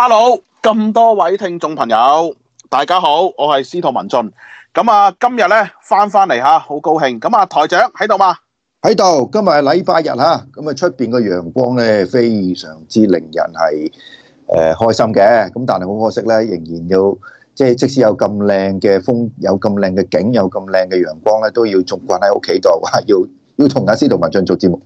hello，咁多位聽眾朋友，大家好，我係司徒文進，咁啊今日咧翻翻嚟吓，好高興，咁啊台長喺度嘛？喺度，今日係禮拜日吓，咁啊出邊嘅陽光咧非常之令人係誒開心嘅，咁但係好可惜咧，仍然要即係即使有咁靚嘅風，有咁靚嘅景，有咁靚嘅陽光咧，都要仲慣喺屋企度，話要要同阿司徒文進做節目。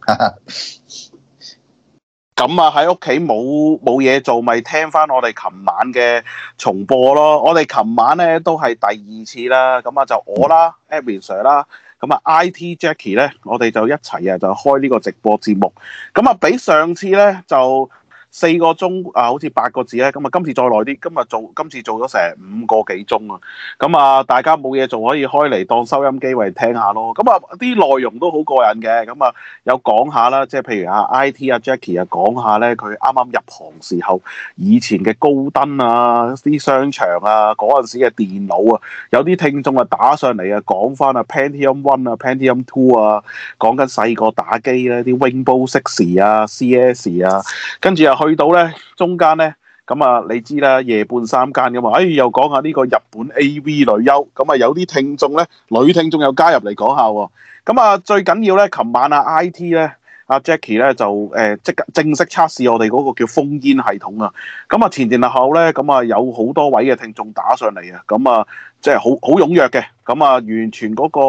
咁啊，喺屋企冇冇嘢做，咪聽翻我哋琴晚嘅重播咯。我哋琴晚咧都係第二次啦，咁啊就我啦 Evan Sir 啦，咁啊 IT Jackie 咧，我哋就一齊啊就開呢個直播節目。咁啊，比上次咧就。四個鐘啊，好似八個字咧，咁啊今次再耐啲，今日做今次做咗成五個幾鐘啊，咁啊大家冇嘢做可以開嚟當收音機嚟聽下咯，咁啊啲、啊、內容都好過癮嘅，咁啊，啊有講下啦，即係譬如啊 IT 啊 Jackie 啊講下咧佢啱啱入行時候以前嘅高登啊啲商場啊嗰陣時嘅電腦啊，有啲聽眾啊打上嚟啊講翻啊 Pentium One 啊 Pentium Two 啊，講緊細個打機咧啲 Rainbow Six 啊，Six 啊 CS 啊，跟住又。去到呢，中間呢，咁啊你知啦，夜半三更咁嘛。哎又講下呢個日本 AV 女優，咁啊有啲聽眾呢，女聽眾又加入嚟講下喎、啊，咁啊最緊要呢，琴晚啊 IT 呢。阿 Jackie 咧就誒即刻正式測試我哋嗰個叫封煙系統啊！咁、嗯、啊前前後後咧咁啊有好多位嘅聽眾打上嚟啊！咁啊即係好好踴躍嘅，咁、嗯、啊完全嗰、那個、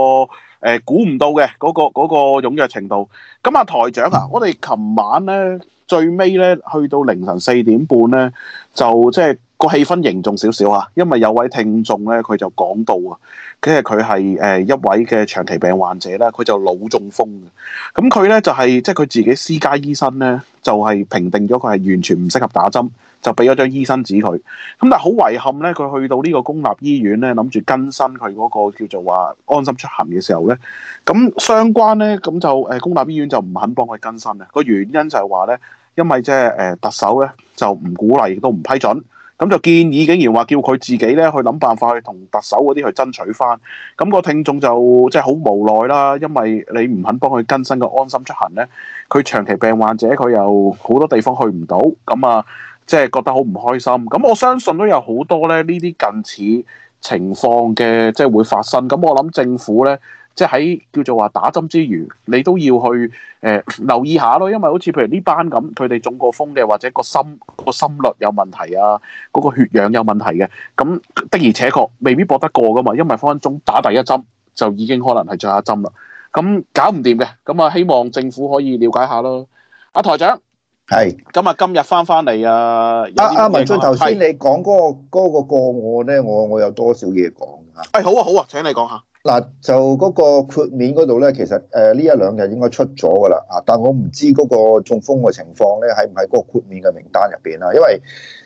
呃、估唔到嘅嗰、那個嗰、那個踴躍程度。咁、嗯、啊台長啊，我哋琴晚咧最尾咧去到凌晨四點半咧就即係。個氣氛凝重少少啊，因為有位聽眾咧，佢就講到啊，佢係佢係誒一位嘅長期病患者咧，佢就腦中風嘅，咁佢咧就係即係佢自己私家醫生咧，就係評定咗佢係完全唔適合打針，就俾咗張醫生紙佢。咁但係好遺憾咧，佢去到呢個公立醫院咧，諗住更新佢嗰個叫做話安心出行嘅時候咧，咁相關咧咁就誒公立醫院就唔肯幫佢更新啊。個原因就係話咧，因為即係誒特首咧就唔鼓勵，亦都唔批准。咁就建議，竟然話叫佢自己咧去諗辦法去同特首嗰啲去爭取翻。咁個聽眾就即係好無奈啦，因為你唔肯幫佢更新個安心出行咧，佢長期病患者佢又好多地方去唔到，咁啊即係覺得好唔開心。咁我相信都有好多咧呢啲近似情況嘅即係會發生。咁我諗政府咧。即係叫做話打針之餘，你都要去誒、呃、留意下咯，因為好似譬如呢班咁，佢哋中過風嘅，或者個心個心率有問題啊，嗰個血氧有問題嘅，咁的而且確未必博得過噶嘛，因為分分鐘打第一針就已經可能係最後一針啦，咁搞唔掂嘅，咁啊希望政府可以了解下咯。阿、啊、台長，係是，咁啊今日翻翻嚟啊，阿阿、啊啊、文進頭先你講嗰、那個嗰是、那個案咧、那個，我我，我有多少嘢講、哎、啊？誒好啊好啊，請你講下。嗱，那就嗰個豁免嗰度咧，其實誒呢一兩日應該出咗噶啦，啊，但我唔知嗰個中風嘅情況咧，喺唔喺嗰個豁免嘅名單入邊啊？因為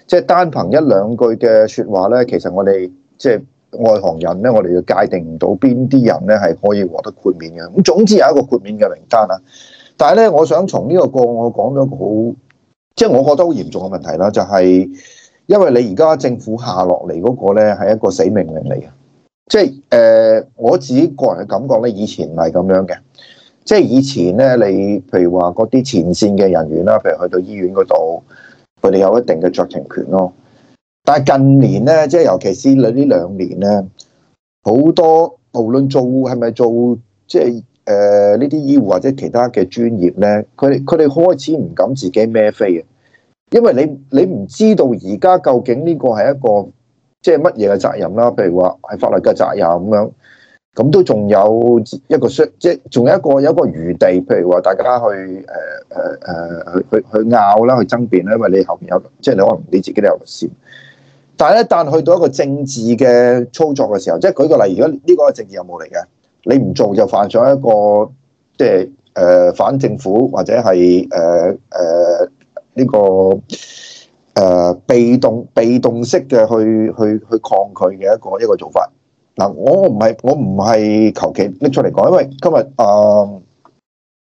即係單憑一兩句嘅說話咧，其實我哋即係外行人咧，我哋要界定唔到邊啲人咧係可以獲得豁免嘅。咁總之有一個豁免嘅名單啦，但係咧，我想從呢個個案我講咗好，即係我覺得好嚴重嘅問題啦，就係因為你而家政府下落嚟嗰個咧，係一個死命令嚟嘅。即係誒、呃，我自己個人嘅感覺咧，以前唔係咁樣嘅。即係以前咧，你譬如話嗰啲前線嘅人員啦，譬如去到醫院嗰度，佢哋有一定嘅酌情權咯。但係近年咧，即係尤其是你呢兩年咧，好多無論做係咪做即係誒呢啲醫護或者其他嘅專業咧，佢哋佢哋開始唔敢自己孭飛嘅，因為你你唔知道而家究竟呢個係一個。即係乜嘢嘅責任啦？譬如話係法律嘅責任咁樣，咁都仲有一個商，即係仲有一個有一個餘地。譬如話大家去誒誒誒去去去拗啦，去爭辯啦。因為你後邊有，即係你可能你自己都有律師。但係一旦去到一個政治嘅操作嘅時候，即係舉個例，如果呢個係政治任務嚟嘅，你唔做就犯咗一個即係誒、呃、反政府或者係誒誒呢個。誒，被動被動式嘅去去去抗拒嘅一個一個做法。嗱，我唔係我唔係求其拎出嚟講，因為今日啊，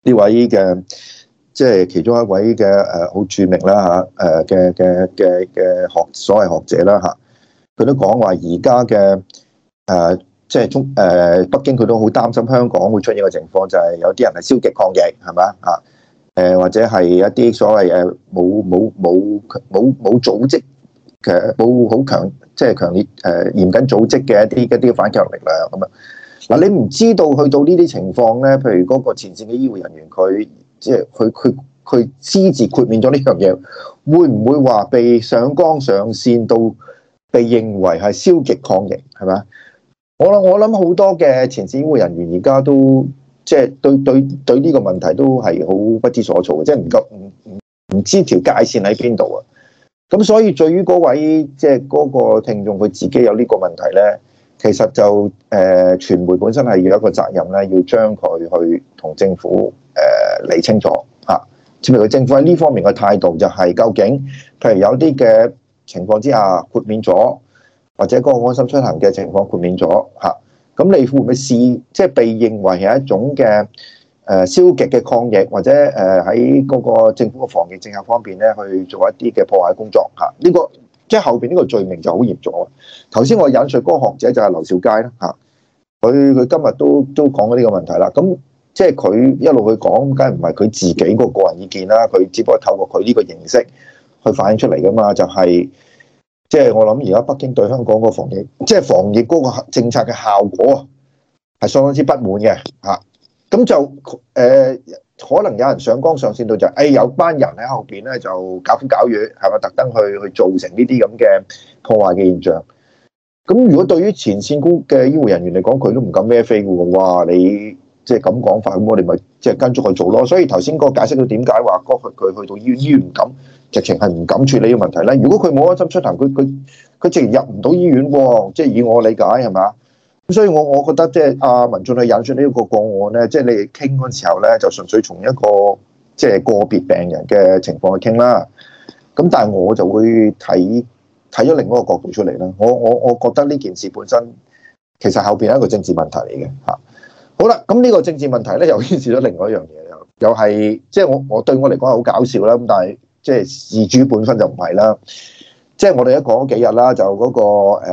呢位嘅即係其中一位嘅誒好著名啦，嚇誒嘅嘅嘅嘅學所謂學者啦，嚇，佢、啊，都講話而家嘅誒即係中誒、呃、北京佢都好擔心香港會出現嘅情況，就係、是、有啲人係消極抗疫係嘛啊？誒，或者係一啲所謂誒，冇冇冇冇冇組織嘅，冇好強，即係強烈誒，嚴謹組織嘅一啲一啲反抗力量咁啊！嗱、嗯，你唔知道去到呢啲情況咧，譬如嗰個前線嘅醫護人員，佢即係佢佢佢私自豁免咗呢樣嘢，會唔會話被上綱上線到被認為係消極抗疫？係咪？我諗我諗好多嘅前線醫護人員而家都。即係對對對呢個問題都係好不知所措嘅，即係唔夠唔唔知條界線喺邊度啊！咁所以對於，對於嗰位即係嗰個聽眾，佢自己有呢個問題咧，其實就誒、呃，傳媒本身係有一個責任咧，要將佢去同政府誒、呃、理清楚嚇、啊。譬如政府喺呢方面嘅態度就係究竟，譬如有啲嘅情況之下豁免咗，或者嗰個安心出行嘅情況豁免咗嚇。啊咁你會唔會試即係、就是、被認為係一種嘅誒消極嘅抗疫，或者誒喺嗰個政府嘅防疫政策方面咧，去做一啲嘅破壞工作嚇？呢、這個即係、就是、後邊呢個罪名就好嚴重啊！頭先我引述嗰個學者就係劉兆佳啦嚇，佢佢今日都都講咗呢個問題啦。咁即係佢一路去講，梗係唔係佢自己個個人意見啦？佢只不過透過佢呢個形式去反映出嚟噶嘛，就係、是。即係我諗，而家北京對香港個防疫，即係防疫嗰個政策嘅效果啊，係相當之不滿嘅嚇。咁就誒，可能有人上綱上線到就誒、是哎，有班人喺後邊咧就搞風搞雨，係咪特登去去造成呢啲咁嘅破壞嘅現象。咁如果對於前線工嘅醫護人員嚟講，佢都唔敢孭飛嘅喎。你即係咁講法，咁我哋咪即係跟足佢做咯。所以頭先嗰個解釋到點解話哥佢去到醫醫院唔敢。直情係唔敢處理呢個問題咧。如果佢冇安心出行，佢佢佢直入唔到醫院喎。即係以我理解係嘛咁，所以我我覺得即係啊，民眾去引述呢一個個案咧，即係你傾嗰時候咧，就純粹從一個即係個別病人嘅情況去傾啦。咁但係我就會睇睇咗另一個角度出嚟啦。我我我覺得呢件事本身其實後邊係一個政治問題嚟嘅嚇。好啦，咁呢個政治問題咧，又牽涉咗另外一樣嘢又又係即係我我對我嚟講係好搞笑啦。咁但係。即係事主本身就唔係啦，即係我哋一講咗幾日啦，就嗰個誒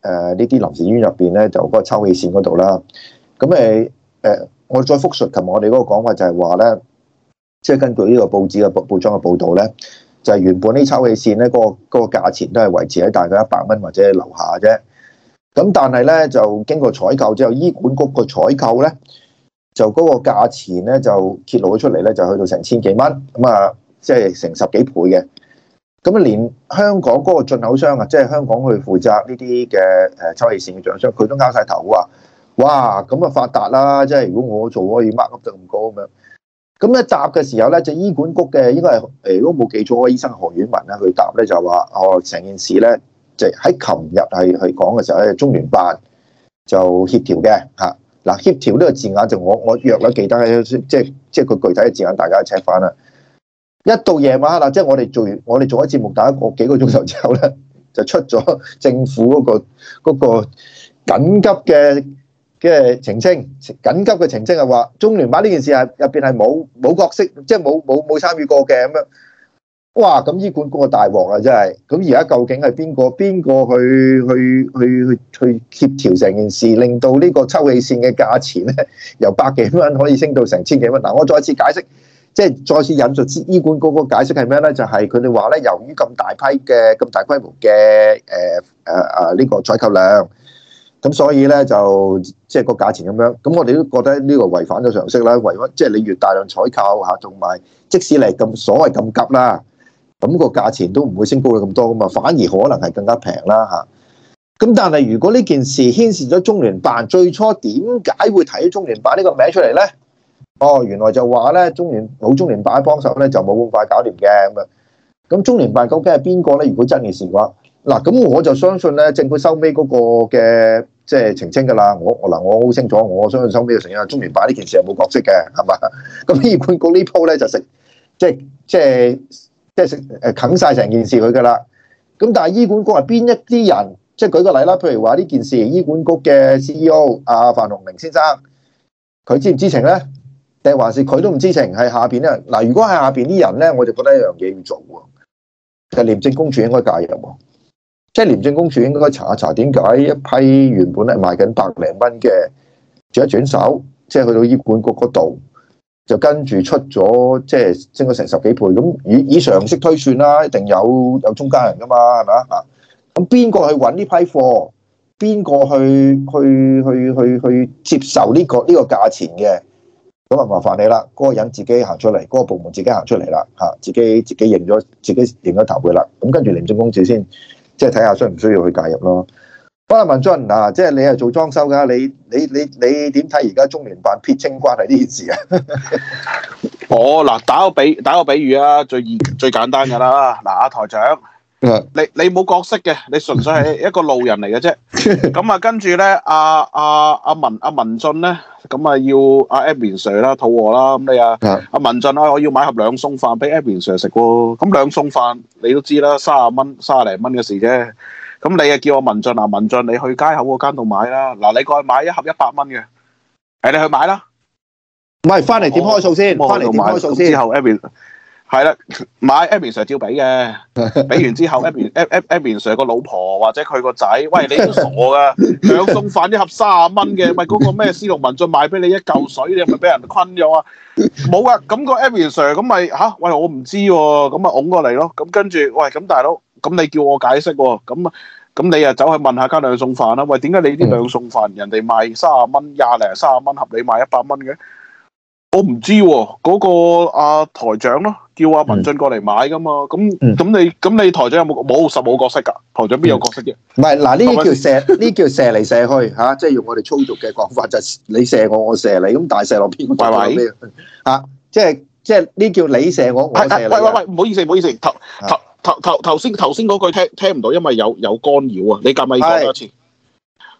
誒呢啲臨時醫院入邊咧，就嗰個抽氣扇嗰度啦。咁誒誒，我再復述琴日我哋嗰個講法就係話咧，即係根據呢個報紙嘅報報章嘅報導咧，就係原本呢抽氣扇咧個個價錢都係維持喺大概一百蚊或者樓下啫。咁但係咧就經過採購之後，醫管局個採購咧就嗰個價錢咧就揭露咗出嚟咧，就去到成千幾蚊咁啊！即係成十幾倍嘅，咁啊連香港嗰個進口商啊，即係香港去負責呢啲嘅誒抽氣線嘅廠商，佢都交晒頭話，哇！咁啊發達啦，即係如果我做可以 mark 得咁高咁樣。咁咧答嘅時候咧，就醫管局嘅應該係誒，如果冇記錯，醫生何婉文啦，佢答咧就話，哦，成件事咧，就係喺琴日係去講嘅時候咧，中聯辦就協調嘅嚇。嗱協調呢個字眼就我我弱咗記得嘅，即係即係佢具體嘅字眼，大家 check 翻啦。一到夜晚嗱，即係我哋做完，我哋做一節目打一個幾個鐘頭之後咧，就出咗政府嗰個嗰個緊急嘅嘅澄清，緊急嘅澄清係話中聯辦呢件事係入邊係冇冇角色，即係冇冇冇參與過嘅咁樣。哇！咁醫管局個大鑊啊，真係咁而家究竟係邊個邊個去去去去去協調成件事，令到呢個抽氣扇嘅價錢咧由百幾蚊可以升到成千幾蚊嗱？我再一次解釋。即係再次引述醫管局個解釋係咩咧？就係佢哋話咧，由於咁大批嘅咁大規模嘅誒誒誒呢個採購量，咁所以咧就即係、就是、個價錢咁樣。咁我哋都覺得呢個違反咗常識啦，違規。即係你越大量採購嚇，同埋即使你咁所謂咁急啦，咁、那個價錢都唔會升高咗咁多噶嘛，反而可能係更加平啦嚇。咁但係如果呢件事牽涉咗中聯辦，最初點解會提中聯辦呢個名出嚟咧？哦，原來就話咧，中聯老中聯辦幫手咧，就冇咁快搞掂嘅咁樣。咁中聯辦究竟係邊個咧？如果真嘅事嘅話，嗱咁我就相信咧，政府收尾嗰個嘅即係澄清㗎啦。我我嗱，我好清楚，我相信收尾就澄清中聯辦呢件事係冇角色嘅，係嘛？咁 醫管局呢鋪咧就食即係即係即係食誒啃晒成件事佢㗎啦。咁但係醫管局係邊一啲人？即係舉個例啦，譬如話呢件事，醫管局嘅 C E O 阿范宏明先生，佢知唔知情咧？定還是佢都唔知情，係下邊咧嗱？如果係下邊啲人咧，我就覺得一樣嘢要做啊。其實廉政公署應該介入啊，即係廉政公署應該查一查點解一批原本係賣緊百零蚊嘅，轉一轉手，即係去到醫管局嗰度就跟住出咗，即係升咗成十幾倍咁。以以常識推算啦，一定有有中間人噶嘛，係咪啊？咁邊個去揾呢批貨？邊個去去去去去接受呢個呢個價錢嘅？咁啊，就麻煩你啦，嗰、那個人自己行出嚟，嗰、那個部門自己行出嚟啦，嚇、啊，自己自己認咗，自己認咗頭嘅啦。咁、啊、跟住零鐘公字廉政公署先，即係睇下需唔需要去介入咯。翻、啊、嚟文俊文進啊，即係你係做裝修噶，你你你你點睇而家中聯辦撇清關係呢件事啊？哦，嗱，打個比打個比喻啊，最最簡單噶啦，嗱、啊、阿台長。你你冇角色嘅，你純粹係一個路人嚟嘅啫。咁啊，跟住咧，阿阿阿文阿文俊咧，咁啊要阿 Abby Sir 啦，肚餓啦。咁你啊，阿文俊啊，我要買盒兩餸飯俾 Abby Sir 食喎。咁兩餸飯你都知啦，卅蚊卅零蚊嘅事啫。咁你啊叫我文俊啊，文俊你去街口嗰間度買啦。嗱，你過去買一盒一百蚊嘅，誒，你去買啦。唔係，翻嚟點開數先，翻嚟點開數先。之後 Abby。係啦，買阿 Sir 照俾嘅，俾完之後阿 Sir 阿阿阿 Sir 個老婆或者佢個仔，喂你都傻噶，兩餸飯一盒三十蚊嘅，咪嗰個咩司徒文進賣俾你一嚿水，你係咪俾人昆咗啊？冇噶，咁個阿 Sir 咁咪嚇，喂我唔知喎，咁咪㧬過嚟咯。咁跟住，喂咁大佬，咁你叫我解釋喎，咁啊，咁你又走去問下間兩餸飯啦。喂，點解你啲兩餸飯人哋賣三十蚊、廿零三十蚊盒，你賣一百蚊嘅？我唔知喎，嗰個阿台長咯，叫阿文俊過嚟買噶嘛，咁咁你咁你台長有冇冇十五角色㗎？台長邊有角色嘅？唔係嗱，呢啲叫射呢叫射嚟射去嚇，即係用我哋粗俗嘅講法就係你射我，我射你，咁大射落邊個度有咩啊？嚇，即係即係呢叫你射我，我射你。喂喂喂，唔好意思，唔好意思，頭頭頭頭頭先頭先嗰句聽聽唔到，因為有有干擾啊。你夾咪講多次。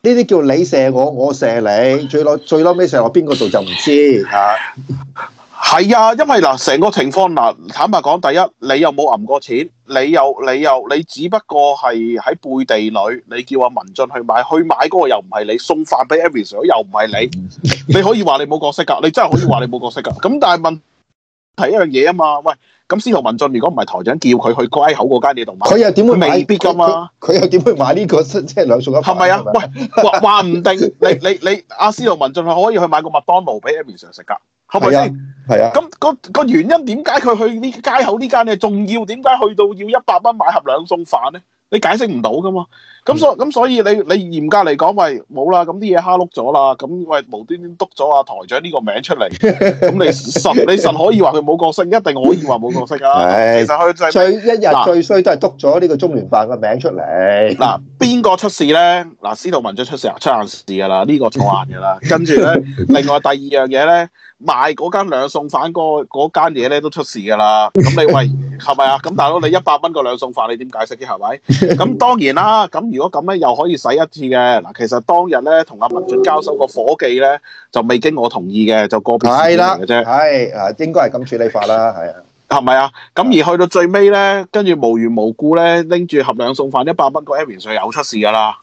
呢啲叫你射我，我射你，最落最屘尾射落邊個度就唔知吓。係啊，因為嗱，成個情況嗱，坦白講，第一，你又冇入過錢，你又你又你只不過係喺背地裏，你叫阿文進去買，去買嗰個又唔係你，送翻俾 everybody 又唔係你，你可以話你冇角色㗎，你真係可以話你冇角色㗎。咁但係問題一樣嘢啊嘛，喂。咁司徒文進如果唔係台長叫佢去街口嗰間嘢度買，佢又點會未必噶嘛？佢又點會買呢、這個即係兩餸一飯？係咪啊？喂，話話唔定，你你你阿、啊、司徒文進係可以去買個麥當勞俾 Amy 常食噶，係咪先？係啊。咁、啊那個個原因點解佢去呢街口呢間嘢仲要？點解去到要一百蚊買盒兩餸飯咧？你解釋唔到噶嘛？咁所咁所以你你嚴格嚟講，喂冇啦，咁啲嘢蝦碌咗啦，咁喂無端端督咗阿台長呢個名出嚟，咁 你實你實可以話佢冇角色，一定可以話冇角色呀，其實佢就係，最一日最衰都係督咗呢個中聯辦嘅名出嚟嗱。邊個出事咧？嗱，司徒文俊出事啊，出眼事噶啦，呢個錯眼噶啦。跟住咧，另外第二樣嘢咧，賣嗰間兩餸飯嗰嗰間嘢咧都出事噶啦。咁 你喂係咪啊？咁大佬你一百蚊個兩餸飯你點解釋嘅係咪？咁當然啦。咁如果咁咧又可以使一次嘅嗱。其實當日咧同阿文俊交手個伙計咧就未經我同意嘅，就個別事情嘅啫。係啊，應該係咁處理法啦，係啊。係咪啊？咁而去到最尾咧，跟住無緣無故咧拎住盒兩餸飯一百蚊個 a m 上又出事噶啦，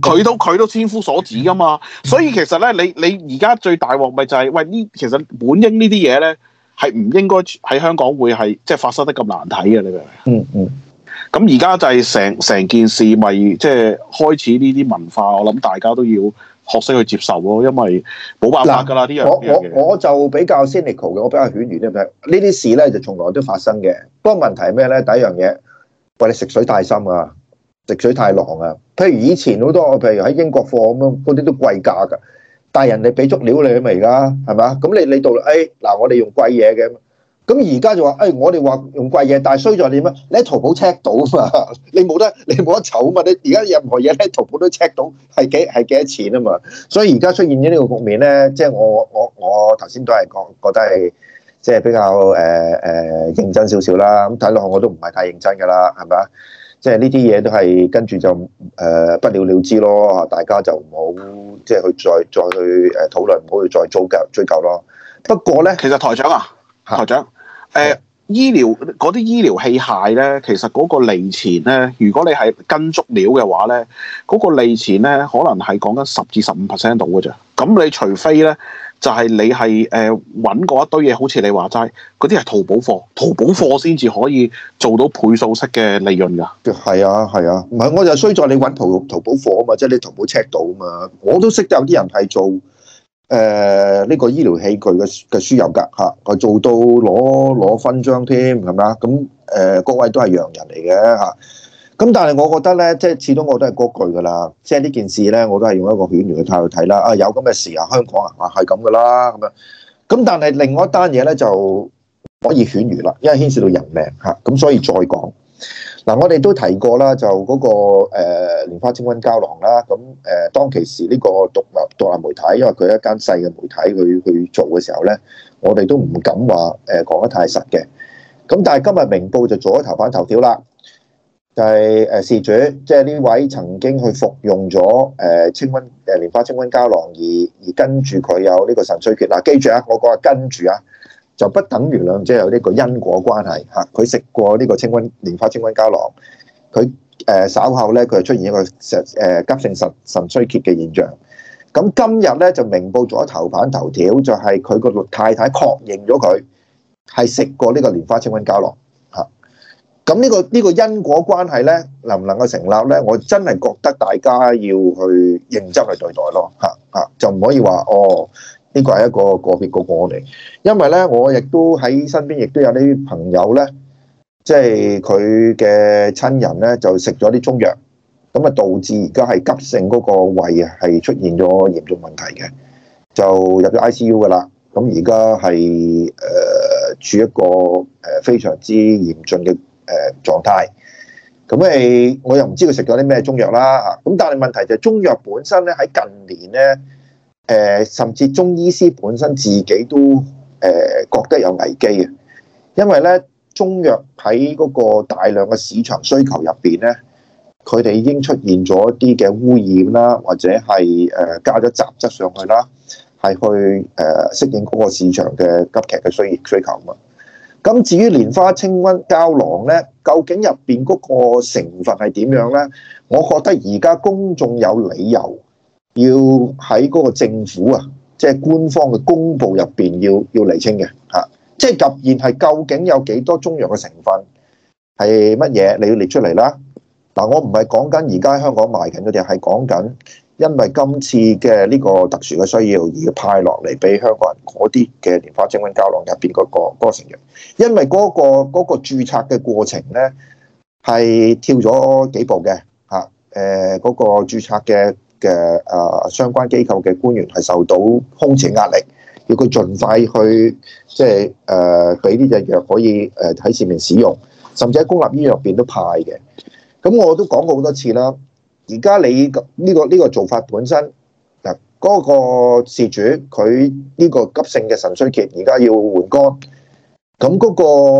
佢 都佢都千夫所指噶嘛。所以其實咧，你你而家最大鑊咪就係、是、喂呢？其實本呢應呢啲嘢咧係唔應該喺香港會係即係發生得咁難睇嘅，你明唔明？嗯嗯 。咁而家就係成成件事咪即係開始呢啲文化，我諗大家都要。學識去接受咯，因為冇辦法㗎啦。啲我樣我我就比較 cynical 嘅，我比較犬儒啲咁樣。呢啲事咧就從來都發生嘅。不過問題係咩咧？第一樣嘢，喂你食水太深啊，食水太狼啊。譬如以前好多，譬如喺英國貨咁樣，嗰啲都貴價㗎。但係人哋俾足料是是你咪而家係嘛？咁你你到誒嗱、哎，我哋用貴嘢嘅。咁而家就話，誒、哎、我哋話用貴嘢，但係衰在點啊？你喺淘寶 check 到嘛？你冇得，你冇得炒嘛？你而家任何嘢喺淘寶都 check 到係幾係幾多錢啊嘛？所以而家出現咗呢個局面咧，即係我我我頭先都係覺覺得係即係比較誒誒、呃呃、認真少少啦。咁睇落我都唔係太認真噶啦，係咪啊？即係呢啲嘢都係跟住就誒、呃、不了了之咯。大家就唔好即係去再再去誒討論，唔好去再追究追究咯。不過咧，其實台長啊，台長。誒、呃、醫療嗰啲醫療器械咧，其實嗰個利錢咧，如果你係跟足料嘅話咧，嗰、那個利錢咧，可能係講緊十至十五 percent 到嘅啫。咁你除非咧，就係、是、你係誒揾過一堆嘢，好似你話齋，嗰啲係淘寶貨，淘寶貨先至可以做到倍數式嘅利潤㗎。係啊，係啊，唔係我就衰在你揾淘淘寶貨啊嘛，即、就、係、是、你淘寶 check 到啊嘛，我都識得有啲人係做。誒，呢、呃這個醫療器具嘅嘅輸入噶吓，佢、啊、做到攞攞勳章添，係咪啊？咁、呃、誒，各位都係洋人嚟嘅吓，咁、啊、但係我覺得咧，即係始終我都係嗰句噶啦，即係呢件事咧，我都係用一個犬儒嘅態度睇啦。啊，有咁嘅事啊，香港人啊係咁噶啦，咁樣。咁、啊、但係另外一單嘢咧就可以犬儒啦，因為牽涉到人命吓，咁、啊、所以再講。嗱、啊，我哋都提過啦，就嗰個誒蓮花清瘟膠囊啦，咁誒當其時呢個獨立獨立媒體，因為佢一間細嘅媒體，佢去做嘅時候咧，我哋都唔敢話誒講得太實嘅。咁但係今日明報就做咗頭版頭條啦，但係誒事主，即係呢位曾經去服用咗誒清瘟誒蓮花清瘟膠囊而而跟住佢有呢個腎衰竭。嗱、啊，記住啊，我講話跟住啊。就不等於兩者有呢個因果關係嚇。佢食過呢個清瘟蓮花清瘟膠囊，佢誒、呃、稍後咧佢出現一個誒急性腎腎衰竭嘅現象。咁今日咧就明報咗頭版頭條，就係佢個太太確認咗佢係食過呢個蓮花清瘟膠囊嚇。咁呢、呢個呢、呢個因果關係咧，能唔能夠成立咧？我真係覺得大家要去認真去對待咯嚇嚇，就唔可以話哦。呢個係一個個別個案嚟，因為咧，我亦都喺身邊，亦都有啲朋友咧，即係佢嘅親人咧，就食咗啲中藥，咁啊，導致而家係急性嗰個胃啊，係出現咗嚴重問題嘅，就入咗 ICU 噶啦。咁而家係誒處一個誒非常之嚴峻嘅誒、呃、狀態。咁誒，我又唔知佢食咗啲咩中藥啦。咁但係問題就係中藥本身咧，喺近年咧。誒，甚至中醫師本身自己都誒覺得有危機嘅，因為咧中藥喺嗰個大量嘅市場需求入邊咧，佢哋已經出現咗一啲嘅污染啦，或者係誒加咗雜質上去啦，係去誒適應嗰個市場嘅急劇嘅需需求啊嘛。咁至於蓮花清瘟膠囊咧，究竟入邊嗰個成分係點樣咧？我覺得而家公眾有理由。要喺嗰個政府啊，即係官方嘅公佈入邊要要釐清嘅嚇，即係突然係究竟有幾多中藥嘅成分係乜嘢？你要列出嚟啦。嗱，我唔係講緊而家香港賣緊嗰啲，係講緊因為今次嘅呢個特殊嘅需要而派落嚟俾香港人嗰啲嘅連花清瘟膠囊入邊嗰個嗰個成員，因為嗰個嗰個註冊嘅過程咧係跳咗幾步嘅嚇，誒嗰個註冊嘅。嘅啊，相關機構嘅官員係受到空前壓力，要佢盡快去即係誒，俾呢隻藥可以誒喺、呃、市面使用，甚至喺公立醫院入面都派嘅。咁我都講過好多次啦。而家你呢、呢個呢、呢個做法本身嗱，嗰、嗰個事主佢呢個急性嘅腎衰竭，而家要換肝，咁嗰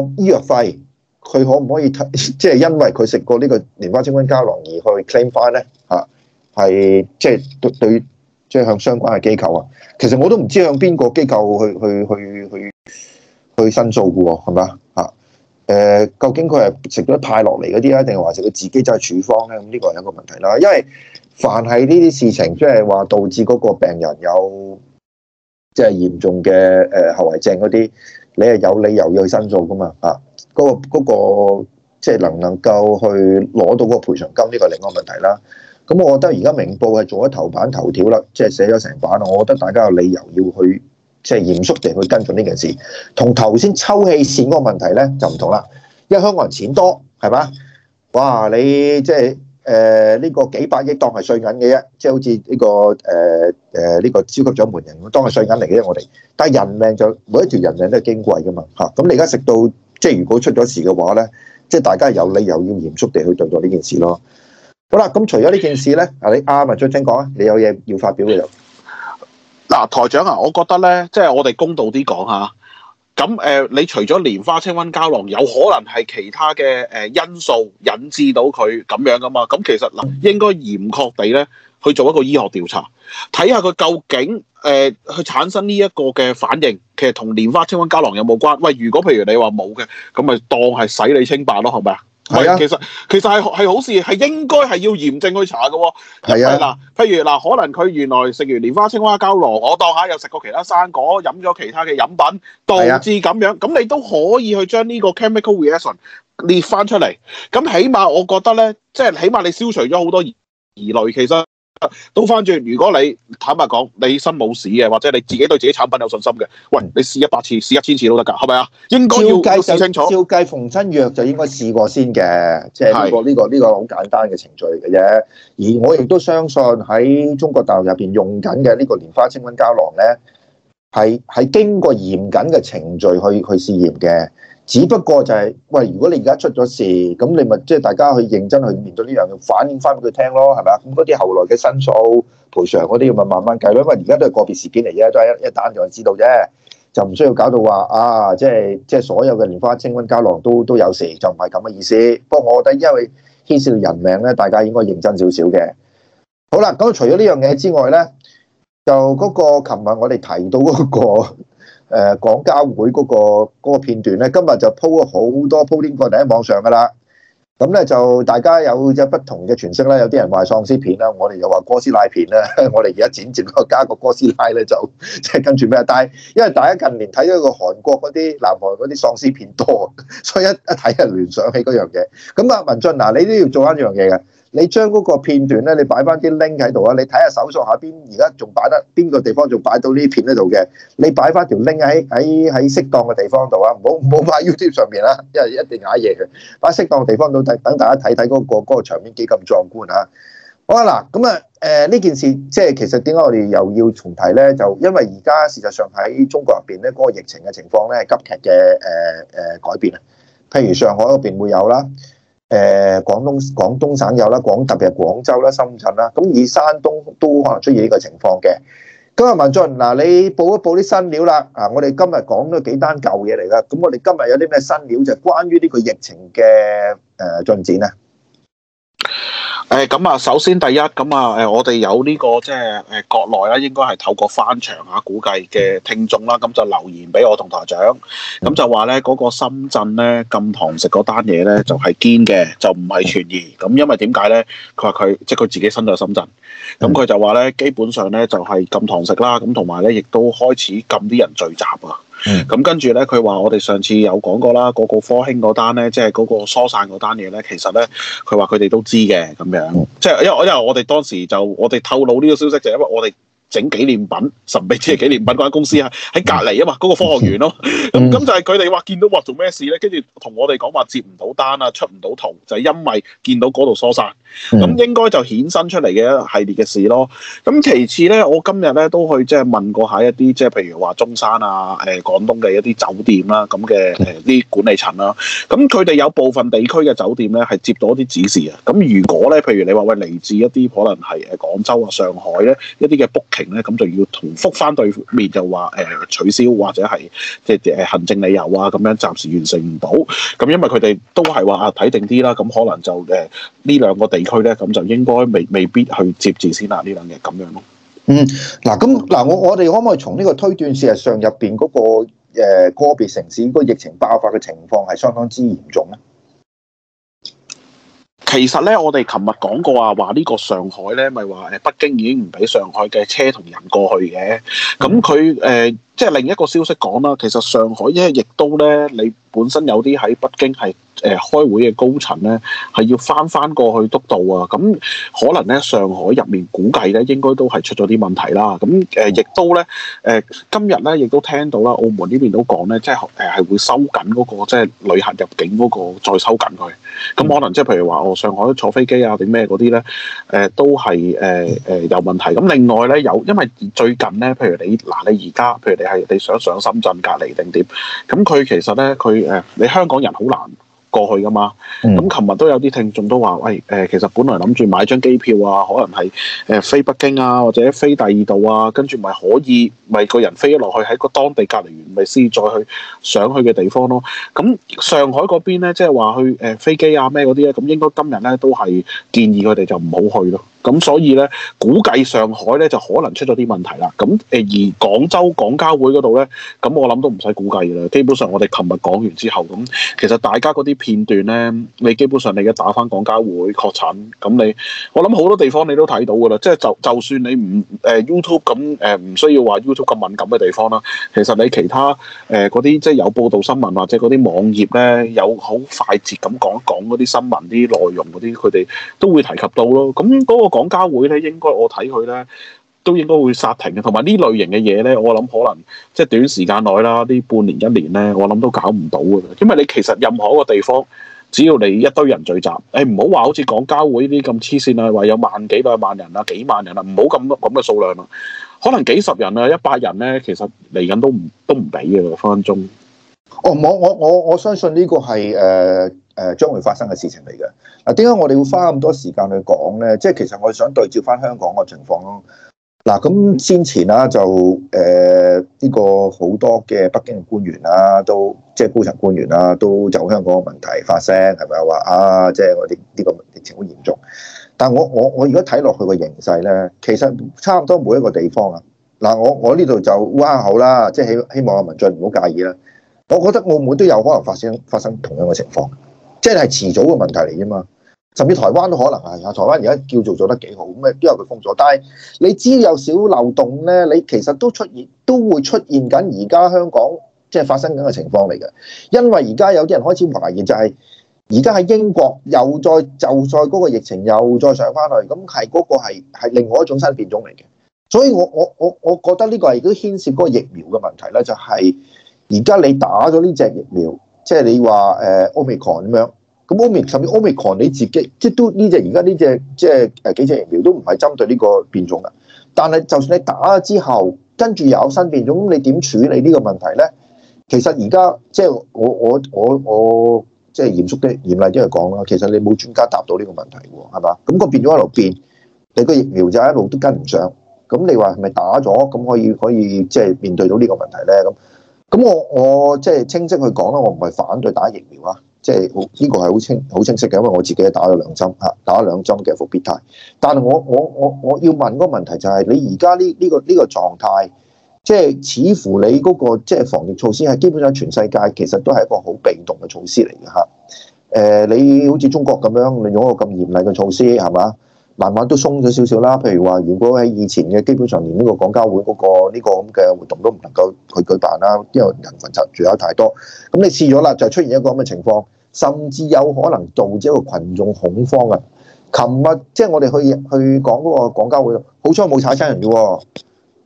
個醫藥費，佢可唔可以即係 因為佢食過呢個蓮花清瘟膠囊而去 claim 翻咧嚇？係即係對對，即係向相關嘅機構啊！其實我都唔知向邊個機構去去去去去申訴嘅喎，係咪嚇？誒，究竟佢係食咗派落嚟嗰啲啊，定係話食佢自己就係處方咧？咁呢個係一個問題啦。因為凡係呢啲事情，即係話導致嗰個病人有即係嚴重嘅誒後遺症嗰啲，你係有理由要去申訴噶嘛？啊！嗰個嗰個即係能唔能夠去攞到嗰個賠償金，呢個係另外一個問題啦。咁我覺得而家明報係做咗頭版頭條啦，即係寫咗成版。我覺得大家有理由要去，即係嚴肅地去跟進呢件事。同頭先抽氣扇嗰個問題咧就唔同啦，因為香港人錢多，係嘛？哇！你即係誒呢個幾百億當係稅銀嘅啫，即係好似呢個誒誒呢個超級獎門人咁當係稅銀嚟嘅我哋。但係人命就每一條人命都係矜貴噶嘛嚇。咁你而家食到，即係如果出咗事嘅話呢，即係大家有理由要嚴肅地去對待呢件事咯。好啦，咁除咗呢件事咧，啊你啱啊，張正講啊，你有嘢要發表嘅就，嗱台長啊，我覺得咧，即係我哋公道啲講下。咁誒、呃，你除咗蓮花清瘟膠囊，有可能係其他嘅誒因素引致到佢咁樣噶嘛？咁其實嗱，應該嚴確地咧去做一個醫學調查，睇下佢究竟誒、呃、去產生呢一個嘅反應，其實同蓮花清瘟膠囊有冇關？喂，如果譬如你話冇嘅，咁咪當係洗你清白咯，係咪啊？係啊，其實其實係係好事，係應該係要嚴正去查嘅喎、哦。係啊，嗱，譬如嗱，可能佢原來食完蓮花青花膠囊，我當下又食過其他生果，飲咗其他嘅飲品，導致咁樣。咁是的 你都可以去將呢個 chemical reaction 列翻出嚟。咁起碼我覺得咧，即係起碼你消除咗好多疑疑慮，其實。倒翻轉，如果你坦白講，你心冇屎嘅，或者你自己對自己產品有信心嘅，喂，你試一百次，試一千次都得㗎，係咪啊？應該要，照計要試清楚，照計逢親藥就應該試過先嘅，即係呢個呢個呢個好簡單嘅程序嘅啫。而我亦都相信喺中國大陸入邊用緊嘅呢個蓮花清瘟膠囊咧，係係經過嚴謹嘅程序去去試驗嘅。只不過就係，喂，如果你而家出咗事，咁你咪即係大家去認真去面對呢樣嘢，反映翻俾佢聽咯，係咪啊？咁嗰啲後來嘅申訴、賠償嗰啲，咪慢慢計咯。因為而家都係個別事件嚟嘅，都係一一單就係知道啫，就唔需要搞到話啊，即係即係所有嘅連花清瘟膠囊都都有事，就唔係咁嘅意思。不過我覺得因為牽涉到人命咧，大家應該認真少少嘅。好啦，咁除咗呢樣嘢之外咧，就嗰個琴日我哋提到嗰個。誒廣交會嗰、嗰個嗰個片段咧，今日就 po 咗好多鋪天蓋地喺網上噶啦。咁咧就大家有隻不同嘅詮釋啦。有啲人話喪屍片啦，我哋又話哥斯拉片啦。 我哋而家剪接嗰加個哥斯拉咧，就即係、就是、跟住咩？但係因為大家近年睇咗個韓國嗰啲南韓嗰啲喪屍片多， 所以一一睇就聯想起嗰樣嘢。咁啊，文進嗱，你都要做翻一樣嘢嘅。你將嗰個片段咧，你擺翻啲 link 喺度啊！你睇下搜索下邊，而家仲擺得邊個地方仲擺到呢片喺度嘅？你擺翻條 link 喺喺喺適當嘅地方度啊！唔好唔好擺 YouTube 上面啦，因為一定解嘢嘅。擺適當嘅地方度睇，等大家睇睇嗰個嗰、那個、場面幾咁壯觀啊。好啦，咁啊，誒呢件事即係其實點解我哋又要重提咧？就因為而家事實上喺中國入邊咧，嗰、那個疫情嘅情況咧急劇嘅誒誒改變啊。譬如上海嗰邊會有啦。誒，廣、呃、東廣東省有啦，廣特別係廣州啦、深圳啦，咁以山東都可能出現呢個情況嘅。今日文進，嗱，你報一報啲新料啦。嗱、啊，我哋今日講咗幾單舊嘢嚟啦，咁我哋今日有啲咩新料就是、關於呢個疫情嘅誒進展咧？誒咁啊，首先第一咁啊，誒我哋有呢個即係誒國內啦，應該係透過翻牆啊估計嘅聽眾啦，咁、嗯、就留言俾我同台長，咁、嗯、就話咧嗰個深圳咧禁堂食嗰單嘢咧就係堅嘅，就唔係傳言。咁因為點解咧？佢話佢即係佢自己身在深圳，咁佢、嗯、就話咧基本上咧就係禁堂食啦，咁同埋咧亦都開始禁啲人聚集啊。咁、嗯、跟住咧，佢話我哋上次有講過啦，嗰、那個科興嗰單咧，即係嗰個疏散嗰單嘢咧，其實咧，佢話佢哋都知嘅咁樣，即係因為因為我哋當時就我哋透露呢個消息，就因為我哋整紀念品，神秘之夜嘅紀念品嗰間公司啊，喺隔籬啊嘛，嗰、嗯、個科學園咯，咁咁、嗯、就係佢哋話見到話做咩事咧，跟住同我哋講話接唔到單啊，出唔到圖，就係、是、因為見到嗰度疏散。咁、嗯、應該就衍生出嚟嘅一系列嘅事咯。咁其次咧，我今日咧都去即係問過一下一啲即係譬如話中山啊、誒、呃、廣東嘅一啲酒店啦咁嘅誒啲管理層啦、啊。咁佢哋有部分地區嘅酒店咧係接到一啲指示啊。咁如果咧，譬如你話喂嚟自一啲可能係誒廣州啊、上海咧一啲嘅 booking 咧，咁就要同覆翻對面就話誒、呃、取消或者係即係行政理由啊咁樣暫時完成唔到。咁因為佢哋都係話啊睇定啲啦，咁可能就誒。呃呢兩個地區呢，咁就應該未未必去接住先啦。呢兩嘢咁樣咯。嗯，嗱咁嗱，我我哋可唔可以從呢個推斷，事實上入邊嗰個誒個別城市個疫情爆發嘅情況係相當之嚴重呢？其實呢，我哋琴日講過啊，話呢個上海呢咪話誒北京已經唔俾上海嘅車同人過去嘅。咁佢誒。即係另一個消息講啦，其實上海因為亦都咧，你本身有啲喺北京係誒、呃、開會嘅高層咧，係要翻翻過去督導啊。咁、嗯、可能咧，上海入面估計咧，應該都係出咗啲問題啦。咁、嗯、誒，亦都咧誒、呃，今日咧亦都聽到啦，澳門呢邊都講咧，即係誒係會收緊嗰、那個即係旅客入境嗰個再收緊佢。咁、嗯、可能即係譬如話，我、呃、上海坐飛機啊定咩嗰啲咧，誒、呃、都係誒誒有問題。咁、呃呃呃呃呃呃呃嗯嗯、另外咧有外呢，因為最近咧，譬如你嗱，你而家譬如你。係你想上深圳隔籬定點？咁佢其實咧，佢誒、呃、你香港人好難過去噶嘛。咁琴日都有啲聽眾都話，喂誒、呃，其實本來諗住買張機票啊，可能係誒、呃、飛北京啊，或者飛第二度啊，跟住咪可以咪、就是、個人飛咗落去喺個當地隔離完，咪先再去上去嘅地方咯、啊。咁上海嗰邊咧，即係話去誒、呃、飛機啊咩嗰啲咧，咁應該今日咧都係建議佢哋就唔好去咯。咁所以咧，估計上海咧就可能出咗啲問題啦。咁誒而廣州廣交會嗰度咧，咁我諗都唔使估計啦。基本上我哋琴日講完之後，咁其實大家嗰啲片段咧，你基本上你一打翻廣交會確診，咁你我諗好多地方你都睇到噶啦。即係就就算你唔誒、呃、YouTube 咁誒，唔、呃、需要話 YouTube 咁敏感嘅地方啦。其實你其他誒嗰啲即係有報道新聞或者嗰啲網頁咧，有好快捷咁講講嗰啲新聞啲內容嗰啲，佢哋都會提及到咯。咁嗰、個港交會咧，應該我睇佢咧，都應該會煞停嘅。同埋呢類型嘅嘢咧，我諗可能即係短時間內啦，呢半年一年咧，我諗都搞唔到嘅。因為你其實任何一個地方，只要你一堆人聚集，誒唔好話好似港交會啲咁黐線啊，話有萬幾百萬人啊、幾萬人啦，唔好咁咁嘅數量啦，可能幾十人啊、一百人咧，其實嚟緊都唔都唔俾嘅啦，分分鐘。哦，我我我我相信呢個係誒。呃誒將會發生嘅事情嚟嘅。嗱，點解我哋要花咁多時間去講呢？即係其實我想對照翻香港個情況咯。嗱，咁先前啦，就誒呢個好多嘅北京嘅官員啊，都即係、就是、高層官員啊，都就香港嘅問題發聲，係咪話啊？即係我哋呢個疫情好嚴重。但我我我而家睇落去個形勢呢，其實差唔多每一個地方啊。嗱，我我呢度就話好啦，即係希希望阿文進唔好介意啦。我覺得澳門都有可能發生發生同樣嘅情況。即係遲早嘅問題嚟啫嘛，甚至台灣都可能係啊！台灣而家叫做做得幾好，咁誒都有佢封咗。但係你只要有少漏洞咧，你其實都出現，都會出現緊而家香港即係發生緊嘅情況嚟嘅。因為而家有啲人開始懷疑就係、是，而家喺英國又再就再嗰個疫情又再上翻去，咁係嗰個係另外一種新變種嚟嘅。所以我我我我覺得呢個係都牽涉嗰個疫苗嘅問題啦，就係而家你打咗呢隻疫苗。即係你話誒 Omicron 咁樣，咁 Omicron 甚至 Omicron 你自己即都呢隻而家呢隻即係誒幾隻疫苗都唔係針對呢個變種㗎。但係就算你打咗之後，跟住有新變種，你點處理呢個問題咧？其實而家即係我我我我即係、就是、嚴肅啲、嚴厲啲嚟講啦，其實你冇專家答到呢個問題喎，係嘛？咁個變種喺度變，你個疫苗就一路都跟唔上。咁你話係咪打咗咁可以可以即係、就是、面對到呢個問題咧？咁？咁我我即係清晰去講啦，我唔係反對打疫苗啊，即係呢個係好清好清晰嘅，因為我自己都打咗兩針嚇，打咗兩針嘅復必泰。但係我我我我要問嗰個問題就係、是，你而家呢呢個呢、這個狀態，即、就、係、是、似乎你嗰個即係防疫措施係基本上全世界其實都係一個好被動嘅措施嚟嘅嚇。誒，你好似中國咁樣，你用一個咁嚴厲嘅措施係嘛？慢慢都鬆咗少少啦。譬如話，如果喺以前嘅基本上連呢個廣交會嗰個呢個咁嘅活動都唔能夠去舉辦啦，因為人群集聚得太多。咁你試咗啦，就出現一個咁嘅情況，甚至有可能導致一個群眾恐慌啊！琴日即係我哋去去講嗰個廣交會，好彩冇踩親人啫、啊。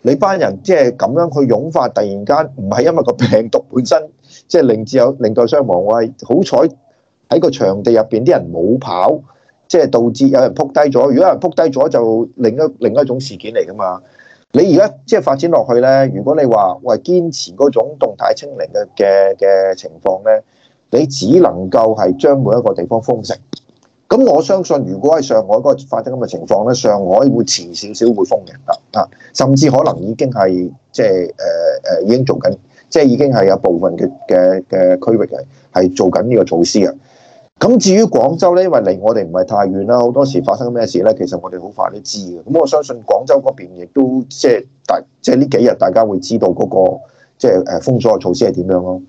你班人即係咁樣去擁化，突然間唔係因為個病毒本身，即係令至有令到傷亡。我係好彩喺個場地入邊啲人冇跑。即係導致有人撲低咗，如果有人撲低咗，就另一另一種事件嚟噶嘛。你而家即係發展落去咧，如果你話，喂，堅持嗰種動態清零嘅嘅嘅情況咧，你只能夠係將每一個地方封城。咁我相信，如果喺上海嗰個發生咁嘅情況咧，上海會遲少少會封嘅啊，甚至可能已經係即係誒誒已經做緊，即係已經係有部分嘅嘅嘅區域係係做緊呢個措施嘅。咁至於廣州咧，因為離我哋唔係太遠啦，好多時發生咩事咧，其實我哋好快都知嘅。咁我相信廣州嗰邊亦都即係大，即係呢幾日大家會知道嗰個即係誒封鎖嘅措施係點樣咯。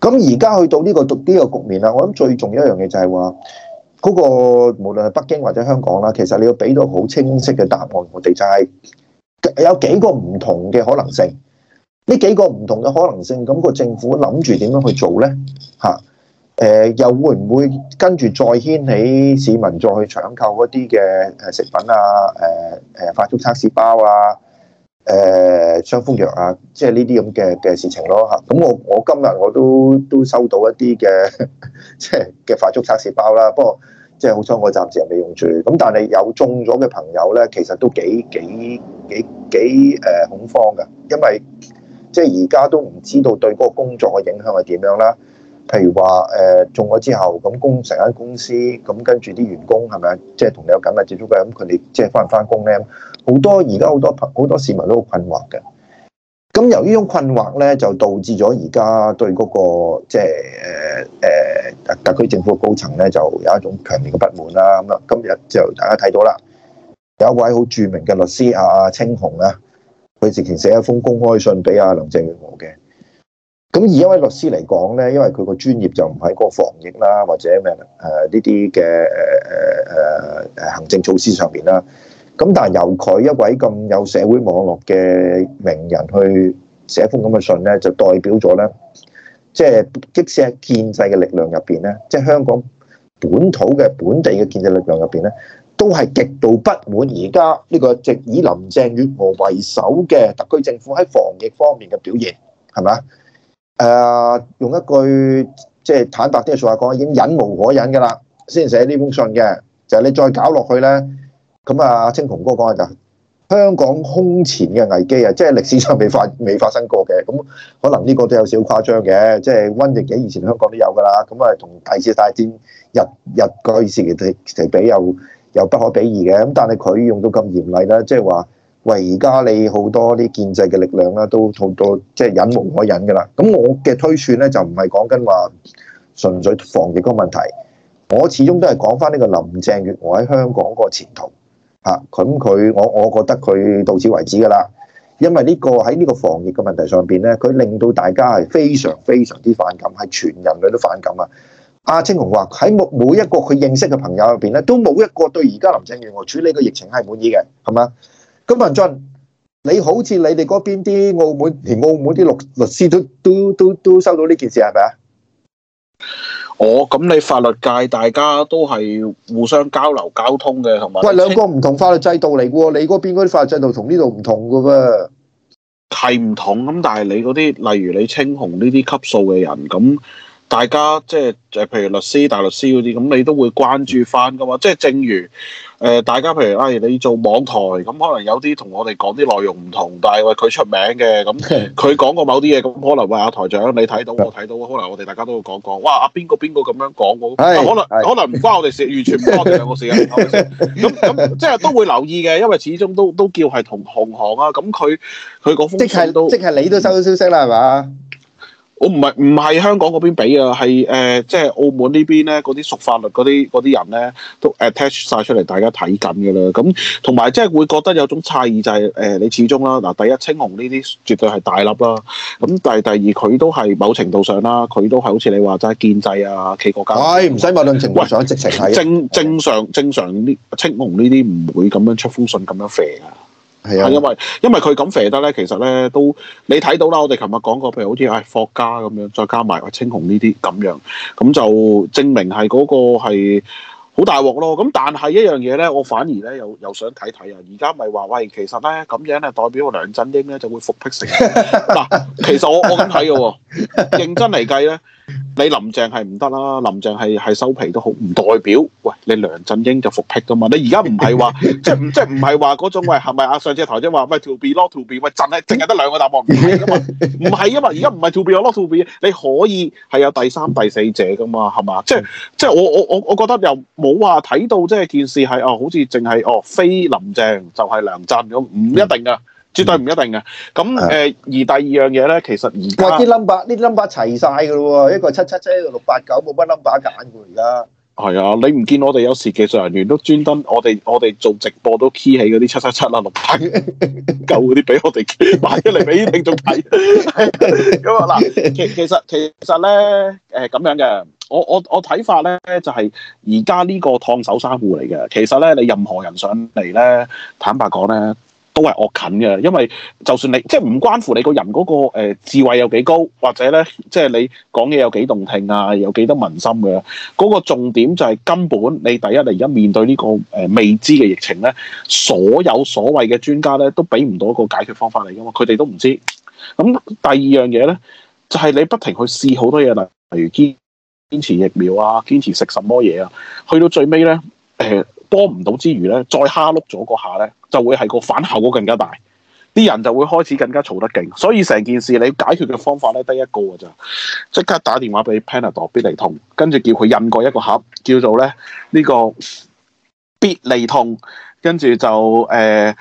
咁而家去到呢個呢個局面啦，我諗最重要一樣嘢就係話嗰個無論係北京或者香港啦，其實你要俾到好清晰嘅答案，我哋就係有幾個唔同嘅可能性。呢幾個唔同嘅可能性，咁個政府諗住點樣去做咧？嚇！誒、呃，又會唔會跟住再掀起市民再去搶購嗰啲嘅誒食品啊，誒誒快速測試包啊，誒、呃、傷風藥啊，即係呢啲咁嘅嘅事情咯吓。咁我我今日我都都收到一啲嘅即係嘅快速測試包啦，不過即係好彩我暫時係未用住。咁但係有中咗嘅朋友咧，其實都幾幾幾幾誒恐慌噶，因為即係而家都唔知道對嗰個工作嘅影響係點樣啦。譬如話誒中咗之後，咁公成間公司，咁跟住啲員工係咪啊，即係同你有緊密接觸嘅，咁佢哋即係翻唔翻工咧？好多而家好多朋好多市民都好困惑嘅。咁由於呢種困惑咧，就導致咗而家對嗰個即係誒誒特區政府高層咧，就有一種強烈嘅不滿啦。咁啊，今日就大家睇到啦，有一位好著名嘅律師啊，清洪啊，佢直情寫一封公開信俾阿林鄭月娥嘅。咁以一位律師嚟講咧，因為佢個專業就唔喺嗰個防疫啦，或者咩誒呢啲嘅誒誒誒誒行政措施上邊啦。咁但係由佢一位咁有社會網絡嘅名人去寫封咁嘅信咧，就代表咗咧，即係即使係建制嘅力量入邊咧，即係香港本土嘅本地嘅建制力量入邊咧，都係極度不滿而家呢個即以林鄭月娥為首嘅特區政府喺防疫方面嘅表現，係咪啊？誒、呃、用一句即係坦白啲嘅説話講，已經忍無可忍㗎啦，先寫呢封信嘅。就係、是、你再搞落去咧，咁啊，青紅哥講嘅就係香港空前嘅危機啊，即係歷史上未發未發生過嘅。咁可能呢個都有少少誇張嘅，即係瘟疫嘅以前香港都有㗎啦。咁啊，同第二次大戰日據時期嚟比又又不可比擬嘅。咁但係佢用到咁嚴厲啦，即係話。喂，而家你好多啲建制嘅力量咧，都好多即係忍無可忍噶啦。咁我嘅推算咧，就唔係講緊話純粹防疫個問題。我始終都係講翻呢個林鄭月娥喺香港個前途嚇。咁佢我我覺得佢到此為止噶啦。因為呢個喺呢個防疫嘅問題上邊咧，佢令到大家係非常非常之反感，係全人類都反感啊！阿青紅話喺每每一個佢認識嘅朋友入邊咧，都冇一個對而家林鄭月娥處理個疫情係滿意嘅，係嘛？咁文進，你好似你哋嗰邊啲澳門連澳門啲律律師都都都都收到呢件事係咪啊？我咁你法律界大家都係互相交流交通嘅同埋。喂，兩個唔同法律制度嚟嘅喎，你嗰邊嗰啲法律制度同呢度唔同嘅噃。係唔同咁，但係你嗰啲，例如你青紅呢啲級數嘅人咁。大家即係就譬如律師大律師嗰啲，咁你都會關注返㗎嘛？即係正如誒、呃，大家譬如誒、哎，你做網台咁，可能有啲同我哋講啲內容唔同，但係喂佢出名嘅，咁佢講過某啲嘢，咁可能喂阿、哎、台長你睇到我睇到，可能我哋大家都會講講，哇阿邊個邊個咁樣講嘅，可能可能唔關我哋事，完全唔關我哋兩個事嘅咁咁，即係都會留意嘅，因為始終都都叫係同同行啊。咁佢佢個風都即係是即係你都收到消息啦，係嘛？我唔係唔係香港嗰邊畀啊，係誒、呃，即係澳門邊呢邊咧，嗰啲熟法律嗰啲啲人咧，都 attach 晒出嚟，大家睇緊嘅啦。咁同埋即係會覺得有種猜疑、就係，就係誒，你始終啦，嗱，第一青紅呢啲絕對係大粒啦。咁但係第二佢都係某程度上啦，佢都係好似你話齋建制啊，企國家、啊。係唔使問論情況上，喂，直情係正正常、嗯、正常啲青紅呢啲唔會咁樣出封信咁樣飛啊。係啊，因為因為佢咁肥得咧，其實咧都你睇到啦。我哋琴日講過，譬如好似誒、哎、霍家咁樣，再加埋青紅呢啲咁樣，咁就證明係嗰個係好大鑊咯。咁但係一樣嘢咧，我反而咧又又想睇睇啊！而家咪話喂，其實咧咁樣咧，代表梁振英咧就會復辟成嗱。其實我我咁睇嘅喎，認真嚟計咧。你林鄭係唔得啦，林鄭係係收皮都好，唔代表喂你梁振英就復辟噶嘛。你而家唔係話即係唔即係唔係話嗰種喂係咪阿上次台長話喂 to be not to be 喂，真係淨係得兩個答案唔係噶嘛，唔係㗎嘛，而家唔係 to be 又 not to be 你可以係有第三、第四者噶嘛，係嘛？ 即係即係我我我我覺得又冇話睇到即係件事係哦，好似淨係哦，非林鄭就係梁振，咁，唔一定噶。 絕對唔一定嘅，咁誒、呃，而第二樣嘢咧，其實而家啲 number，啲 number 齊晒噶咯喎，一個七七七，一個六八九，冇乜 number 揀而家。係啊，你唔見我哋有時技術人員都專登，我哋我哋做直播都 key 起嗰啲七七七啦，六八九嗰啲俾我哋買咗嚟俾聽眾睇。咁啊嗱，其其實其實咧，誒、呃、咁樣嘅，我我我睇法咧就係，而家呢個燙手山芋嚟嘅，其實咧你任何人上嚟咧，坦白講咧。都係惡啃嘅，因為就算你即係唔關乎你個人嗰個誒，智慧有幾高，或者咧即係你講嘢有幾動聽啊，有幾得民心嘅，嗰、那個重點就係根本你第一，你而家面對呢、這個誒、呃、未知嘅疫情咧，所有所謂嘅專家咧都俾唔到一個解決方法嚟噶嘛，佢哋都唔知。咁第二樣嘢咧，就係、是、你不停去試好多嘢啦，例如堅堅持疫苗啊，堅持食什麼嘢啊，去到最尾咧誒。呃多唔到之餘咧，再哈碌咗嗰下咧，就會係個反效果更加大，啲人就會開始更加嘈得勁，所以成件事你解決嘅方法咧，得一個㗎咋，即刻打電話俾 Panadol 必利痛，跟住叫佢印過一個盒，叫做咧呢、這個必利痛，跟住就誒、呃、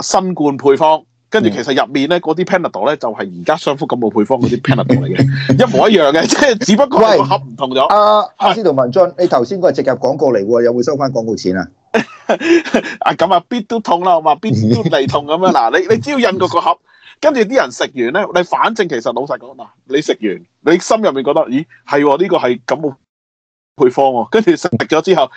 新冠配方。嗯、跟住其實入面咧，嗰啲 Panadol 咧就係而家相福感冒配方嗰啲 Panadol 嚟嘅， 一模一樣嘅，即係只不過個盒唔同咗。阿阿司同文進，你頭先嗰個植入廣告嚟喎，有冇收翻廣告錢 啊？啊咁啊，必都痛啦，好嘛，必都嚟痛咁樣。嗱，你你只要印個個盒，跟住啲人食完咧，你反正其實老實講，嗱，你食完你心入面覺得，咦，係喎、哦，呢、這個係感冒配方喎、啊，跟住食食咗之後，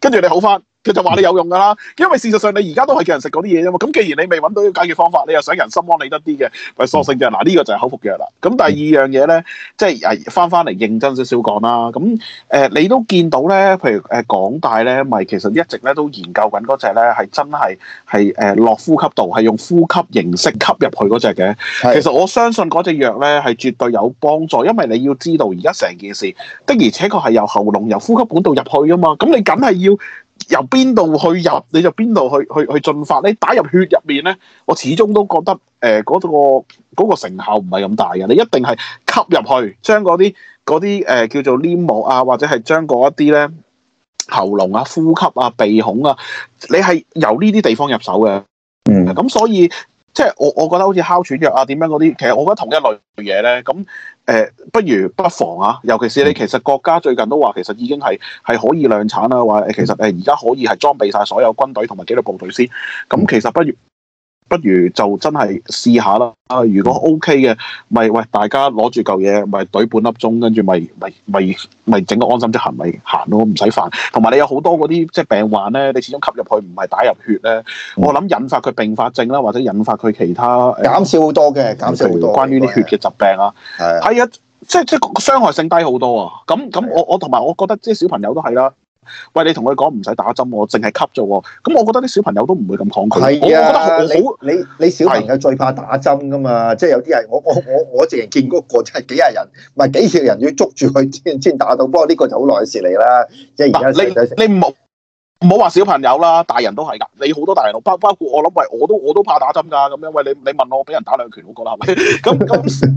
跟住你好翻。 佢 就話你有用噶啦，因為事實上你而家都係叫人食嗰啲嘢咋嘛。咁既然你未揾到要解決方法，你又想人心安理得啲嘅，咪索性就嗱，呢個就係口服藥啦。咁第二樣嘢咧，即係翻翻嚟認真少少講啦。咁誒、呃，你都見到咧，譬如誒港、呃、大咧，咪其實一直咧都研究緊嗰隻咧，係真係係誒落呼吸道，係用呼吸形式吸入去嗰隻嘅。是其實我相信嗰隻藥咧係絕對有幫助，因為你要知道而家成件事，的而且確係由喉嚨由呼吸管道入去啊嘛。咁你梗係要。 由邊度去入你就邊度去去去進發，你打入血入面咧，我始終都覺得誒嗰個嗰個成效唔係咁大嘅。你一定係吸入去，將嗰啲嗰啲誒叫做黏膜啊，或者係將嗰一啲咧喉嚨啊、呼吸啊、鼻孔啊，你係由呢啲地方入手嘅。嗯，咁所以。即係我我覺得好似哮喘藥啊點樣嗰啲，其實我覺得同一類嘢咧，咁誒、呃、不如不妨啊，尤其是你其實國家最近都話其實已經係係可以量產啦，話其實誒而家可以係裝備晒所有軍隊同埋紀律部隊先，咁其實不如。不如就真係試下啦啊！如果 OK 嘅，咪喂大家攞住嚿嘢，咪懟半粒鐘，跟住咪咪咪咪整個安心啲行咪行咯，唔使煩。同埋你有好多嗰啲即係病患咧，你始終吸入去唔係打入血咧，嗯、我諗引發佢併發症啦，或者引發佢其他減少好多嘅，減少好多關於啲血嘅疾病啊。係啊的，即係即係傷害性低好多啊！咁咁，的我我同埋我覺得即係小朋友都係啦。喂，你同佢講唔使打針喎、啊，淨係吸咗喎、啊。咁、嗯、我覺得啲小朋友都唔會咁抗拒。係啊，我我覺得你好你你小朋友最怕打針噶嘛，啊、即係有啲係我我我我淨係見嗰個真係幾廿人，唔係幾，幾少人要捉住佢先先打到。不過呢個就好耐事嚟啦，即係而家細細。你唔好話小朋友啦，大人都係㗎。你好多大人都包包括我諗喂，我都我都，我都怕打針㗎。咁樣喂，你你問我俾人打兩拳我覺得係咪？咁咁。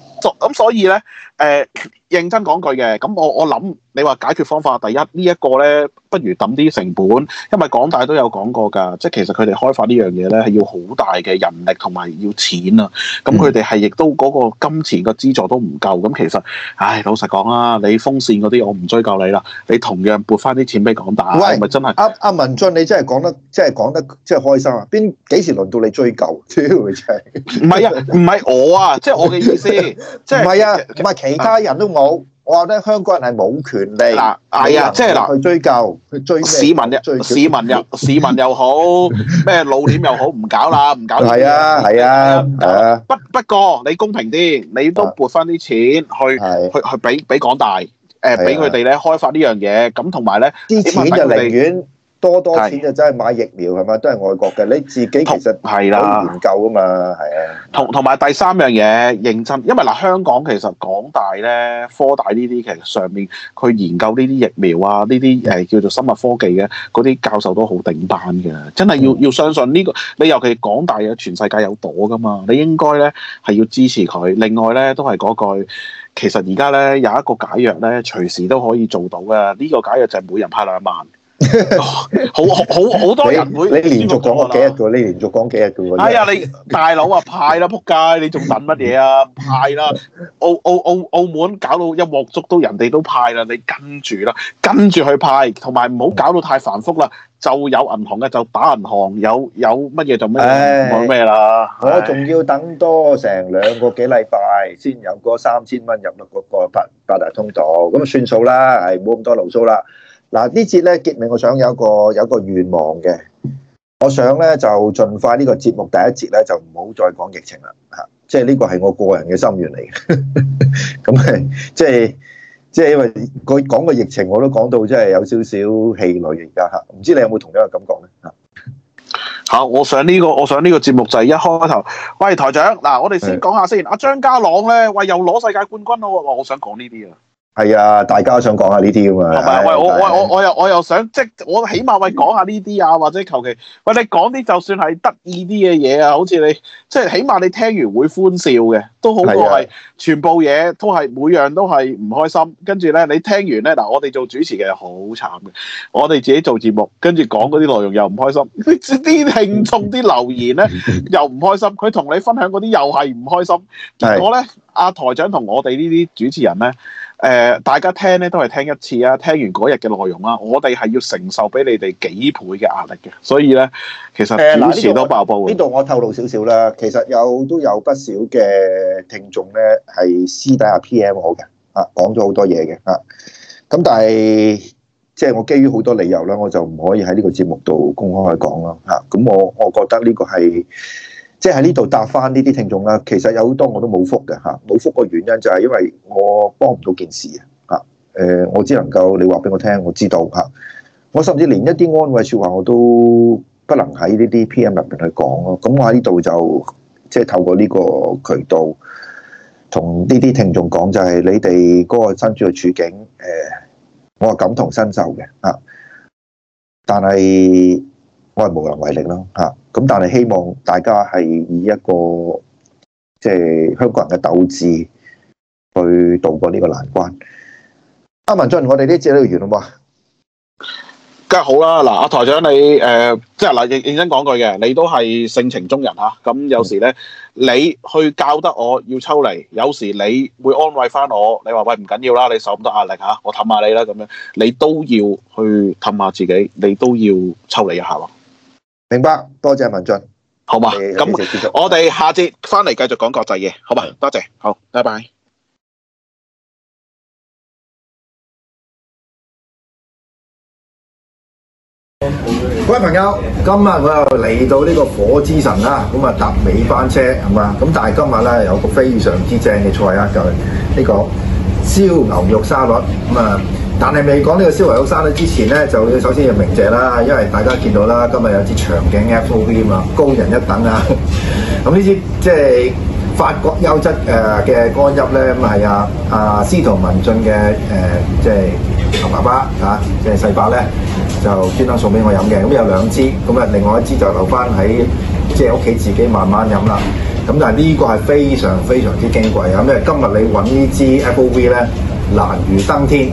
咁所以咧，誒、呃，認真講句嘅，咁我我諗，你話解決方法第一、這個、呢一個咧，不如揼啲成本，因為港大都有講過㗎，即係其實佢哋開發呢樣嘢咧係要好大嘅人力同埋要錢啊，咁佢哋係亦都嗰個金錢個資助都唔夠，咁、嗯、其實，唉，老實講啊，你風扇嗰啲我唔追究你啦，你同樣撥返啲錢俾港大，唔係喂真係，阿阿、啊、文俊你真係講得、就是、得真係講得真係開心啊，邊幾時輪到你追究唔係 啊，唔係我啊，即、就、係、是、我嘅意思。 唔係啊，唔係其他人都冇，我話咧香港人係冇權利。嗱，係啊，即係嗱，去追究，去追市民嘅究，市民又市民又好，咩老闆又好，唔搞啦，唔搞。係啊，係啊，不啊不，不過你公平啲，你都撥翻啲錢去、啊、去去俾俾港大，誒俾佢哋咧開發呢樣嘢，咁同埋咧啲錢就寧願。多多錢就真係買疫苗係嘛的，都係外國嘅。你自己其實係啦，研究啊嘛，係啊的。同同埋第三樣嘢，認真，因為嗱、呃，香港其實港大咧、科大呢啲，其實上面佢研究呢啲疫苗啊，呢啲誒叫做生物科技嘅嗰啲教授都好頂班嘅，真係要、嗯、要相信呢、呢個。你尤其港大嘅全世界有朵㗎嘛，你應該咧係要支持佢。另外咧都係嗰句，其實而家咧有一個解藥咧，隨時都可以做到嘅。呢、呢個解藥就係每人派兩萬。好好好多人會，你連續講幾日嘅喎？你連續講幾日嘅喎？哎呀，你大佬啊派啦，仆街！你仲等乜嘢啊？派啦，澳澳澳澳門搞到一鑊粥，到人哋都派啦，你跟住啦，跟住去派，同埋唔好搞到太繁複啦。就有銀行嘅就打銀行，有有乜嘢就咩咩啦。我仲要等多成兩個幾禮拜先有嗰三千蚊入到嗰個八八達通道，咁算數啦，係冇咁多流蘇啦。嗱呢節咧，結尾，我想有個有個願望嘅，我想咧，就盡快呢個節目第一節咧就唔好再講疫情啦吓，即係呢個係我個人嘅心願嚟嘅。咁係即係即係因為佢講個疫情，我都講到即係有少少氣餒嘅而家吓，唔知你有冇同樣嘅感覺咧吓？好，我上呢個我上呢個節目就係一開頭，喂，台長，嗱我哋先講下先，阿張家朗咧，喂，又攞世界冠軍啦，我我想講呢啲啊。係啊，大家都想講下呢啲噶嘛？係喂，我我我我又我又想即係我起碼喂講下呢啲啊，或者求其喂你講啲就算係得意啲嘅嘢啊，好似你即係起碼你聽完會歡笑嘅，都好過係全部嘢都係每樣都係唔開心。跟住咧，你聽完咧嗱，我哋做主持嘅好慘嘅，我哋自己做節目，跟住講嗰啲內容又唔開心，啲聽眾啲留言咧 又唔開心，佢同你分享嗰啲又係唔開心。結果咧，阿是的、啊、台長同我哋呢啲主持人咧。 誒、呃，大家聽咧都係聽一次啊，聽完嗰日嘅內容啊，我哋係要承受俾你哋幾倍嘅壓力嘅，所以咧其實保持到爆煲。呢度、呃、我，我透露少少啦，其實有都有不少嘅聽眾咧係私底下 PM 我嘅，啊講咗好多嘢嘅，啊咁但係即係我基於好多理由咧，我就唔可以喺呢個節目度公開去講咯，啊咁我我覺得呢個係。即係喺呢度答翻呢啲聽眾啦，其實有好多我都冇覆嘅嚇，冇覆個原因就係因為我幫唔到件事啊！誒，我只能夠你話俾我聽，我知道嚇。我甚至連一啲安慰説話我都不能喺呢啲 P.M 入邊去講咯。咁我喺呢度就即係、就是、透過呢個渠道同呢啲聽眾講，就係你哋嗰個身處嘅處境，誒，我係感同身受嘅嚇。但係。我係無能為力咯，吓、啊、咁但係希望大家係以一個即係香港人嘅鬥志去渡過呢個難關。阿、啊、文進，我哋呢節都完啦嘛？梗係好啦。嗱，阿、啊、台長你誒、呃，即係嗱認認真講句嘅，你都係性情中人吓。咁、啊、有時咧，嗯、你去教得我要抽離，有時你會安慰翻我，你話喂，唔緊要啦，你受咁多壓力吓、啊，我氹下你啦咁樣，你都要去氹下自己，你都要抽離一下咯。明白，多謝文進，好嘛吧？咁你我哋下節返嚟繼續講國際嘢，好嘛？多謝，好，拜拜。各位朋友，今日我又嚟到呢個火之神啦，咁啊搭尾班車係嘛？咁但係今日咧有個非常之正嘅菜啊，就係呢個燒牛肉沙律啊。嗯但係未講呢個燒圍好山呢之前咧，就要首先要鳴謝啦。因為大家見到啦，今日有支長頸 F.O.V. 啊，高人一等啊。咁 呢、嗯、支即係法國優質誒嘅干邑咧，咁係阿阿司徒文進嘅誒、呃，即係爸爸啊，即係細伯咧，就專登送俾我飲嘅。咁、嗯、有兩支，咁、嗯、啊，另外一支就留翻喺即係屋企自己慢慢飲啦。咁、嗯、但係呢個係非常非常之矜貴啊！因、嗯、為今日你揾呢支 F.O.V. 咧，難如登天。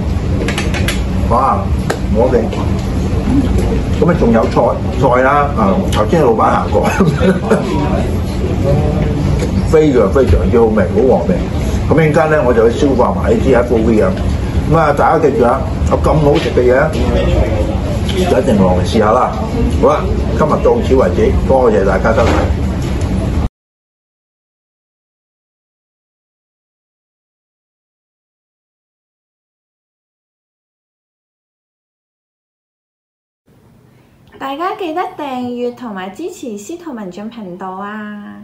哇！我哋咁啊，仲有菜菜啦，啊頭先老闆行過，非常非常之好味，好和味。一陣間咧，我就去消化埋呢支黑胡椒。咁啊，大家記住啊，有咁好食嘅嘢，一定落嚟試下啦。好啦，今日到此為止，多謝大家收睇。大家記得訂閱同埋支持司徒文進頻道啊！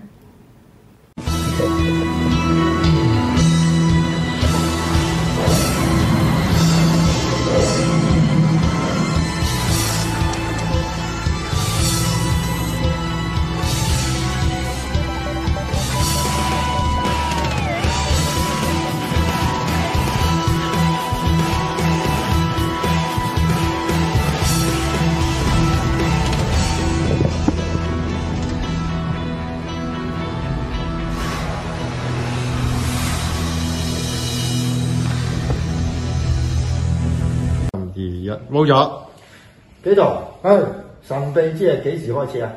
冇咗幾多？神秘之夜幾時開始啊？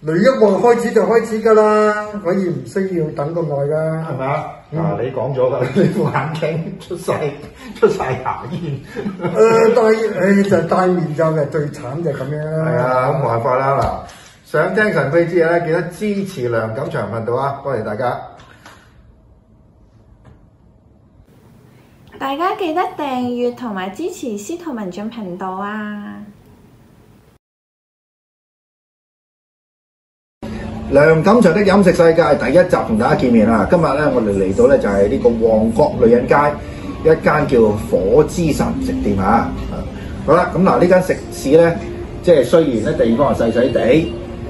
雷一話開始就開始噶啦，可以唔需要等咁耐噶，係咪你講咗啦，你眼鏡 出晒出晒牙煙。誒、 呃，戴誒、哎、就戴、是、面罩的最慘就最慘就咁樣啦。啊，冇辦法啦嗱。想聽神秘之夜咧，記得支持梁錦祥頻道啊！多謝大家。大家記得訂閱同埋支持司徒文進頻道啊！梁錦祥的飲食世界第一集同大家見面啦！今日咧，我哋嚟到咧就係呢個旺角女人街一間叫火之神食店啊！好啦，咁嗱，呢間食肆咧，即係雖然咧地方係細細地。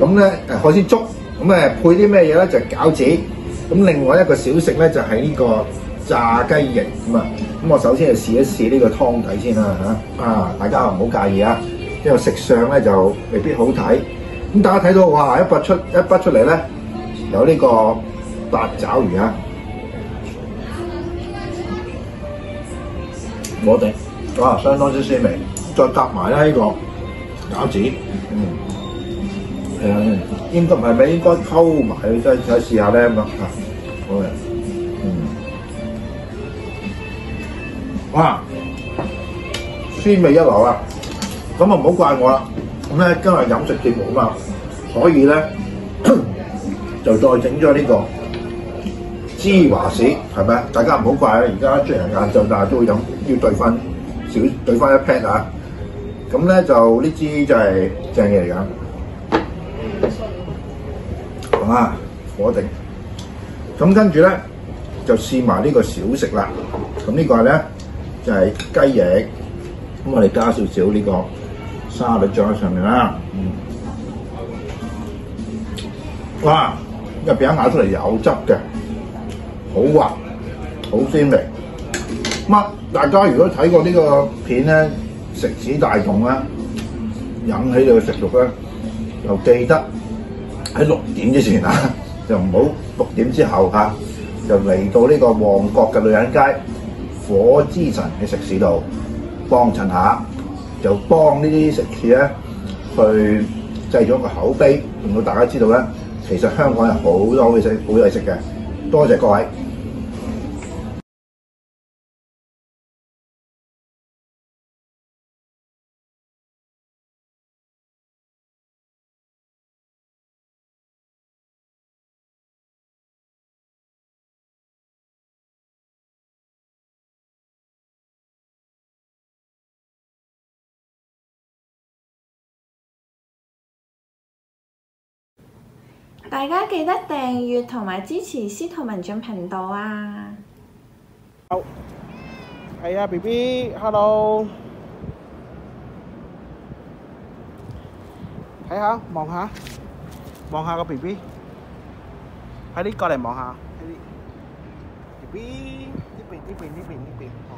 咁咧誒海鮮粥，咁誒配啲咩嘢咧？就係、是、餃子。咁另外一個小食咧就係、是、呢個炸雞翼咁啊。咁我首先就試一試呢個湯底先啦嚇。啊，大家唔好介意啊，因為食相咧就未必好睇。咁大家睇到哇一筆出一筆出嚟咧，有呢個八爪魚、嗯、啊，我頂哇，相當之鮮味。再搭埋咧呢個餃子，嗯。係啊、嗯，應該唔係咩？應該溝埋，再試下咧咁好啊，嗯，哇，酸味一流啊！咁啊，唔好怪我啦。咁咧，今日飲食節目啊嘛，所以呢，就再整咗呢個芝華士係咪啊？大家唔好怪現在要啊！而家雖然晏晝，但係都要飲，要兌翻少，兌翻一 pat 啊！咁咧就呢支就係正嘢嚟㗎。啊！火定咁跟住咧，就試埋呢個小食啦。咁、這個、呢個咧就係、是、雞翼，咁、嗯、我哋加少少呢個沙律醬喺上面啦。嗯，哇！入邊咬出嚟有汁嘅，好滑，好鮮味。咁大家如果睇過呢個片咧，食指大動啦，引起你嘅食欲咧，又記得。喺六點之前 就唔好六點之後、啊、就嚟到呢個旺角嘅女人街火之神嘅食肆度幫襯下，就幫這些呢啲食肆咧去製咗個口碑，令到大家知道咧，其實香港人好多好嘢食、好嘢食嘅，多謝各位。大家記得訂閱同埋支持司徒文進頻道啊！好，係啊，B B，Hello，睇下望下望下個 B B，喺呢過嚟望下，B B，呢邊呢邊呢邊呢邊。